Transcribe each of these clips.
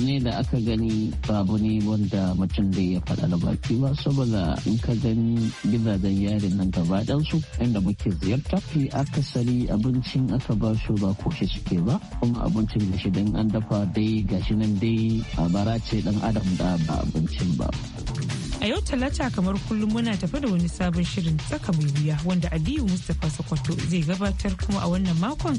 ne da aka gani babu ne wanda mutum dai ya faɗa da baki ba saboda in ka gani gidajen yari nan gaba ɗansu inda muke ziyarta fi akasari abincin aka ba su ba koshi suke ba kuma abincin da shi dan an dafa dai gashi nan dai a bara ce dan adam da ba abincin ba. A yau talata kamar kullum muna tafi da wani sabon shirin tsaka mai wuya wanda Aliyu Mustapha Sokoto zai gabatar kuma a wannan makon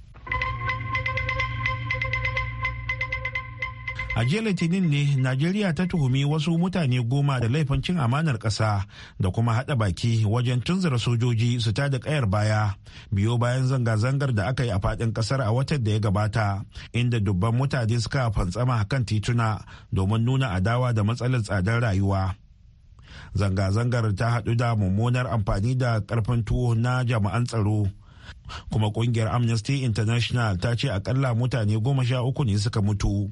a jiya litinin ne najeriya ta tuhumi wasu mutane goma da laifin cin amanar ƙasa da kuma haɗa baki wajen tunzura sojoji su tada ƙayar baya biyo bayan zanga-zangar da aka yi a faɗin ƙasar a watan da ya gabata inda dubban mutane suka fantsama kan tituna domin nuna adawa da matsalar tsadar rayuwa zanga-zangar ta haɗu da mummunar amfani da karfin tuwo na jami'an tsaro kuma kungiyar amnesty international ta ce akalla mutane goma sha uku ne suka mutu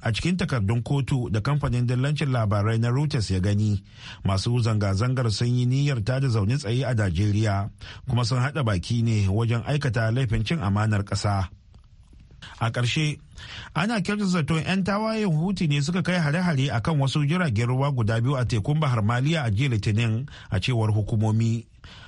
a cikin takardun kotu da kamfanin dillancin labarai na reuters ya gani masu zanga-zangar sun yi niyyar ta da zaune tsaye a najeriya kuma sun haɗa baki ne wajen aikata laifin cin amanar ƙasa a ƙarshe ana kyauta zato 'yan tawayen huti ne suka kai hare-hare a kan wasu jiragen ruwa guda biyu a tekun bahar maliya a jiya litinin a cewar hukumomi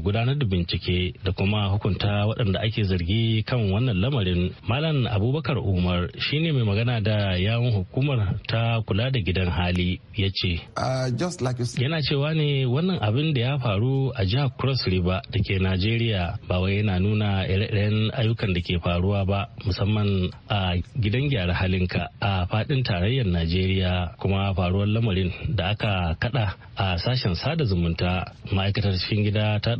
gudanar da bincike da kuma hukunta waɗanda ake zargi kan wannan lamarin malam abubakar umar shine mai magana da yawon hukumar ta kula da gidan hali ya ce uh, yana cewa ne wannan abin da ya faru a jihar cross river da ke najeriya ba wai yana nuna ire-iren ayyukan da ke faruwa ba musamman a gidan gyara halinka a fadin tarayyar najeriya kuma faruwar lamarin da aka kada a sashen sada zumunta ma'aikatar cikin gida ta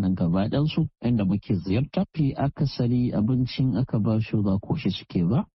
nan gaba ɗansu inda muke ziyarta fi akasari abincin aka ba shi ba koshi suke ba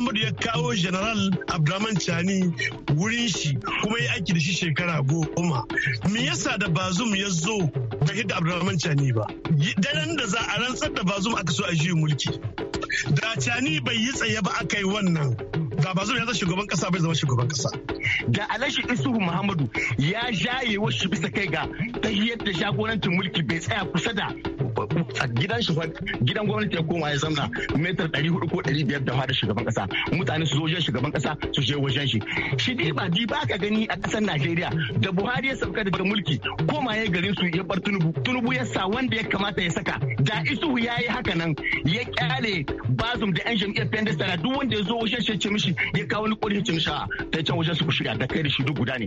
Muhammadu ya kawo General Abdurrahman Chani wurin shi kuma ya aiki da shi shekara goma. Me yasa da Bazum ya zo bai hidda Abdurrahman Chani ba? Daren da za a rantsar da Bazum aka so a juyin mulki. Da Chani bai yi tsaye ba aka yi wannan. Da Bazum ya zama shugaban kasa bai zama shugaban kasa. Da Alhaji Isuhu Muhammadu ya jaye wasu bisa kai ga ta yadda jagorancin mulki bai tsaya kusa da a gidan shi gidan gwamnati ya koma ya zamna metar 400 ko 500 da fada shugaban kasa mutane su zo wajen shugaban kasa su je wajen shi shi dai ba di ba gani a kasar Najeriya da Buhari ya sauka daga mulki koma ya garin su ya bar Tunubu Tunubu ya sa wanda ya kamata ya saka da isu ya yi haka nan ya kyale bazum da yan jam'iyyar Pendestara duk wanda ya zo wajen shi ya ce mishi ya kawo ni kuri ya ce mishi ta can wajen su ku shirya da kai da shi duk guda ne.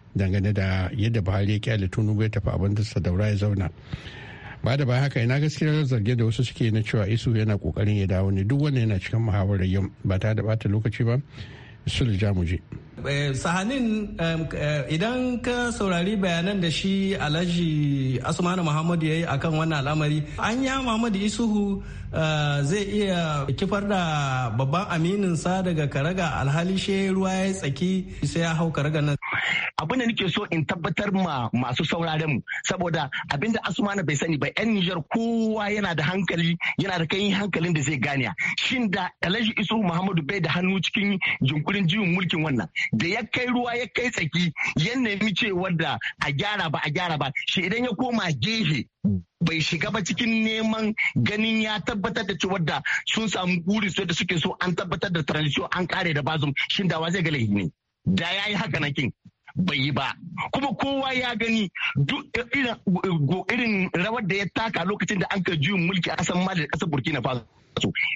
dangane da yadda buhari ya kyale tunubu ya tafi abin da sadaura ya zauna ba da ba haka ina gaskiyar zarge da wasu suke na cewa isu yana kokarin ya dawo ne duk wannan yana cikin muhawarar yau ba ta da bata lokaci ba sul jamuje eh, sahanin eh, idan ka saurari bayanan da shi alhaji asmanu muhammadu ya yi akan wannan al'amari an ya muhammadu isuhu Eh, zai iya kifar da babban aminin sa daga karaga alhali she ruwa ya tsaki sai ya hau karaga nan. Abin da nake so in tabbatar ma masu sauraren mu saboda abinda Asmana bai sani ba yan Nijar kowa yana da hankali yana da kai hankalin da zai gane shin da Alhaji Isu Muhammadu bai da hannu cikin jinkurin jiwon mulkin wannan da ya kai ruwa ya kai tsaki ya nemi cewar da a gyara ba a gyara ba shi idan ya koma gehe bai shiga ba cikin neman ganin ya tabbatar da cewa da sun samu guri su da suke so an tabbatar da transition an kare da bazum shin wa zai ga laifi ne da ya yi haka nakin bai yi ba kuma kowa ya gani duk irin rawar da ya taka lokacin da an ka juyin mulki a kasan mali da kasar burkina faso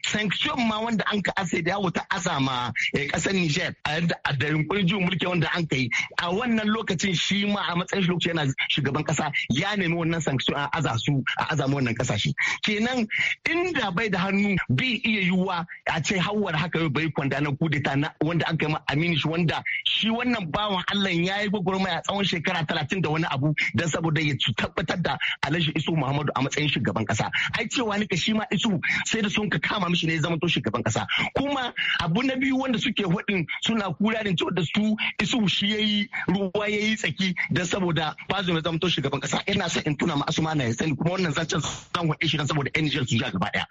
sanction ma wanda an ka ase da yawo ta azama kasar eh, Niger a yadda a da mulki wanda an yi a wannan lokacin shi ma a matsayin shi lokaci yana shugaban kasa ya nemi wannan sanction a aza su a azama wannan kasashe kenan inda bai da hannu bi iya yiwuwa a ce hawar haka yau bai kwanda na kudeta na wanda an kai ma Aminu shi wanda shi wannan bawan Allah ya yi gwagwarmaya tsawon shekara talatin da wani abu don saboda ya tabbatar da Alhaji Isu Muhammadu a matsayin shugaban kasa ai cewa nika shi ma Isu sai da sun sun ka kama mishi ne zama to shugaban kasa kuma abu na biyu wanda suke hudin suna kura ne da su isu shi yayi ruwa yayi tsaki da saboda fazo ne zama to shugaban kasa ina sa in tuna ma asuma na sani kuma wannan zancen zan hudin shi saboda NGL su ja gaba daya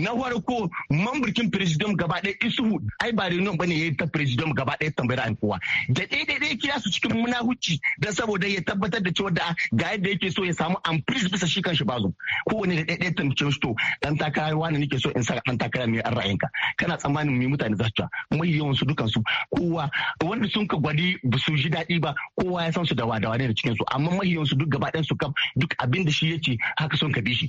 na farko mamburkin president gaba daya isu ai ba rinon bane yayi ta president gaba daya tambayar an kowa da daidai dai kira su cikin munahuci da saboda ya tabbatar da cewa da ga yadda yake so ya samu amprise bisa shi kanshi bazo kowane da daidai tambayar shi to dan takarawa ne nake so in sa an takara mai an ra'ayinka kana tsammanin mai mutane za su ta mai yawan su dukan kowa wanda sun ka gwadi ba su ji daɗi ba kowa ya san su da wadawa ne da cikin su amma mai yawan su duk gaba ɗayan su kam duk abin da shi ce haka sun ka bi shi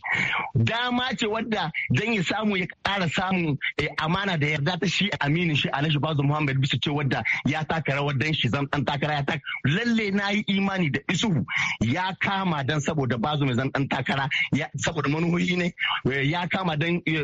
dama ce wadda dan ya samu ya ƙara samun eh, amana da yarda ta shi aminin shi Alhaji bazu Muhammad bisa ce wadda ya taka rawar dan shi zan dan takara ya taka lalle na yi imani da isuhu ya kama dan saboda bazu mai zan dan takara saboda manuhoyi ne eh, ya kama dan eh,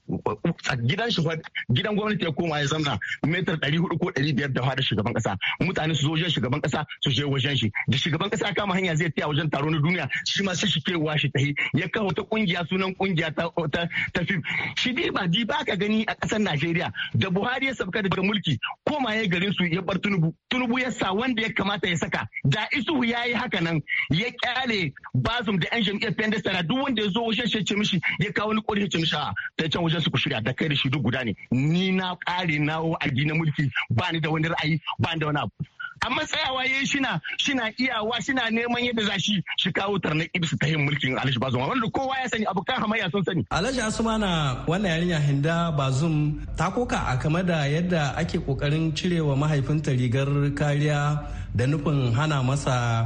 gidan shi gidan gwamnati ya koma ya zamna metar ɗari hudu ko ɗari biyar da fada shugaban kasa mutane su zo wajen shugaban kasa su je wajen shi da shugaban kasa kama hanya zai taya wajen taro na duniya shi ma sai shi ke washi tahi ya kawo ta kungiya sunan kungiya ta ta ta fim shi dai ba di ba ka gani a kasar Najeriya da Buhari ya sabka daga mulki koma ya garin su ya bar tunubu tunubu ya sa wanda ya kamata ya saka da isuhu ya yi haka nan ya kyale bazum da yan jam'iyyar pendas duk wanda ya zo wajen shi ce mishi ya kawo ni kori ya ce mishi a ta can wajen su ku shirya da kai da shi duk guda ne ni na kare nawo a na mulki ba ni da wani ra'ayi ba ni da wani abu amma tsayawa yayi shina shina iyawa shina neman yadda za shi shi kawo tarnar ibsu ta yin mulkin Alhaji Bazum wanda kowa ya sani abokan hamayya sun sani Alhaji Asmana wannan yarinya Hinda Bazum ta koka a kama da yadda ake kokarin cirewa mahaifinta rigar kariya da nufin hana masa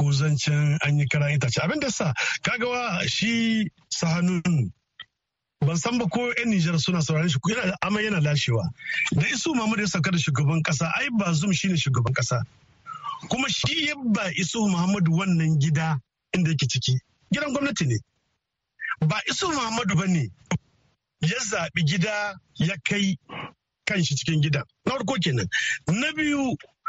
ko zancen an yi kira itace abin da sa kagawa shi sahanun ban san ba ko 'yan Nijar suna sauraron shi yana amma yana lashewa da isu Muhammadu ya sauka da shugaban kasa ai ba zum shine shugaban kasa kuma shi ya ba isu Muhammadu wannan gida inda yake ciki gidan gwamnati ne ba isu Muhammadu ba ne ya zaɓi gida ya kai kan shi cikin gida na farko kenan na biyu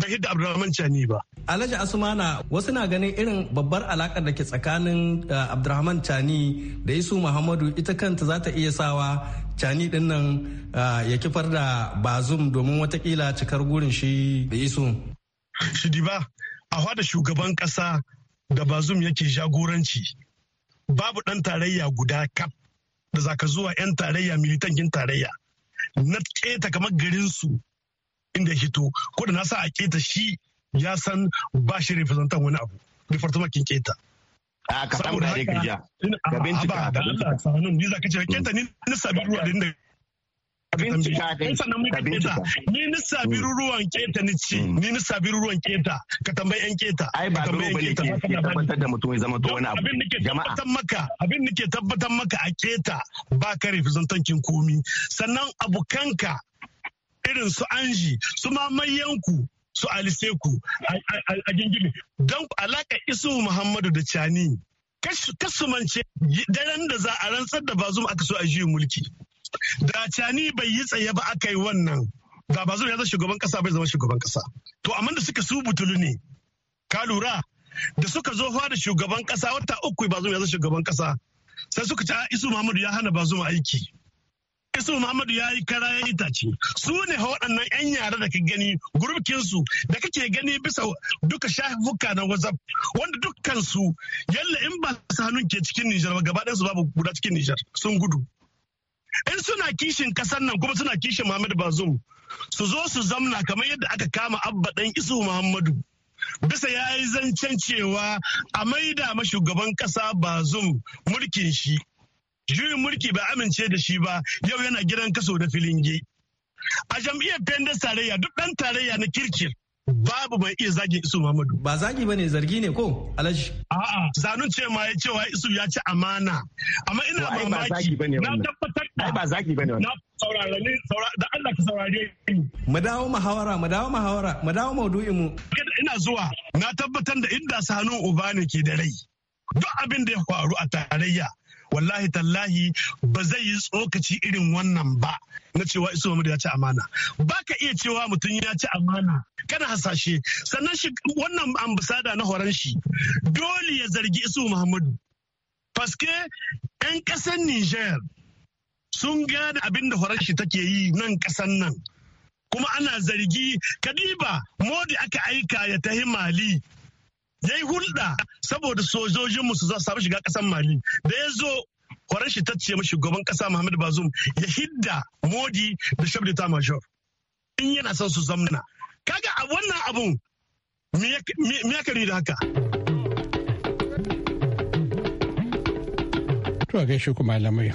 bai hidda Abdurrahman Chani ba. Alhaji Asumana wasu na ganin irin babbar alakar da ke tsakanin eh, Abdurrahman Chani da Isu Muhammadu ita kanta za ta iya sawa Chani din nan eh, ya kifar da Bazum domin watakila cikar gurin shi da Isu. Shidi ba, a hada shugaban kasa da Bazum yake jagoranci babu ɗan tarayya guda kaf da zaka zuwa 'yan tarayya militankin tarayya na keta kamar garinsu inda ya hito ko da na sa a keta shi ya san ba shi representan wani abu department kin keta a ka samu da ka ja ka bincika da Allah sanun ni za ka ce keta ni ni sabi ruwa da inda bincika kai sannan mai ni ni sabi mm. ruwan keta ni ci mm. ni ni sabi ruwan keta ka tambayi yan keta ai ba ruwa bane ke tabbatar da mutum ya zama to wani abu jama'a abin maka abin nake tabbatar maka a keta ba ka representan kin komi sannan abukanka irin su anji su mamayyanku su aliseku a gingime don alaka isu muhammadu da cani kasumance daren da za a rantsar da bazum aka so a juyin mulki da cani bai yi tsaye ba aka yi wannan da bazum ya zama shugaban kasa bai zama shugaban kasa to amma da suka su butulu ne ka lura da suka zo da shugaban kasa wata uku bazum ya zama shugaban kasa sai suka ci isu muhammadu ya hana bazum aiki isu muhammadu ya yi kara ya itace su ne waɗannan yan yara da ka gani gurbkin da kake gani bisa duka shafuka na whatsapp wanda dukkansu su yalla in ba su hannun ke cikin nijar ba gaba su babu guda cikin nijar sun gudu in suna kishin kasar nan kuma suna kishin muhammadu bazum su zo su zamna kamar yadda aka kama abba ɗan isu muhammadu bisa ya yi zancen cewa a maida ma shugaban kasa bazum mulkin shi juyin mulki ba amince da shi ba yau yana gidan kaso da filingi a jam'iyyar pendas tarayya duk ɗan tarayya na kirkir babu mai iya zagi isu Muhammadu. Ba zagi bane zargi ne ko Alhaji? A'a, zanun ce ma ya cewa isu ya ci amana. Amma ina mamaki na tabbatar da ba zagi bane wannan. Na saurare da Allah ka saurare ni. Mu dawo muhawara, mu dawo muhawara, mu dawo maudu'in mu. Ina zuwa na tabbatar da inda Sanu Uba ne ke da rai. Duk abin da ya faru a tarayya wallahi tallahi ba zai yi tsokaci irin wannan ba na cewa iso Muhammadu ya ci amana ba ka iya cewa mutum ya ci amana kana hasashe sannan shi wannan ambasada na horon shi dole ya zargi iso Muhammadu faske 'yan kasan Niger sun gane abin da horon shi take yi nan kasan nan kuma ana zargi kadiba modi aka aika ya tahi mali ya yi hulɗa saboda sojojinmu su samu shiga ƙasar mali da ya zo kwaran shi tacce mashi shugaban ƙasa muhammadu bazum ya hidda modi da shabda ta major in yana son su zamna kaga a wannan abun me ya kari da haka to gaishe kuma malamai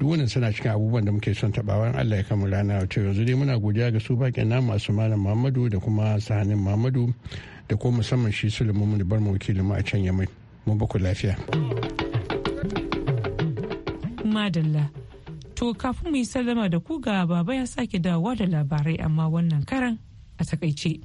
duwannan suna cikin abubuwan da muke son tabawan allah ya kama rana wato yanzu dai muna godiya ga su baƙin na masu malam muhammadu da kuma sahanin muhammadu da ko musamman shi sulemu da bar mu mu a can yamai mu baku lafiya madalla to kafin mu yi sallama da ku ga baba ya sake dawowa da labarai amma wannan karan a takaice.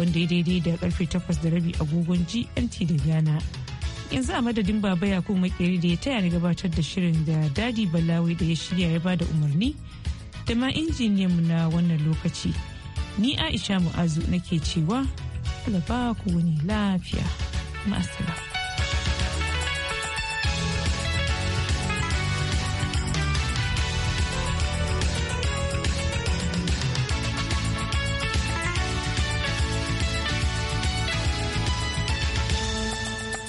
wanda ya daidai da karfe takwas da rabi agogon GMT da Ghana. Yanzu a madadin Baba yakub Makeri da ya taya ni gabatar da shirin da Dadi Balawi da ya shirya ya bada umarni da ma injiniyan mu na wannan lokaci. Ni Aisha Mu'azu nake cewa, Allah ku wani lafiya. Ma'asala.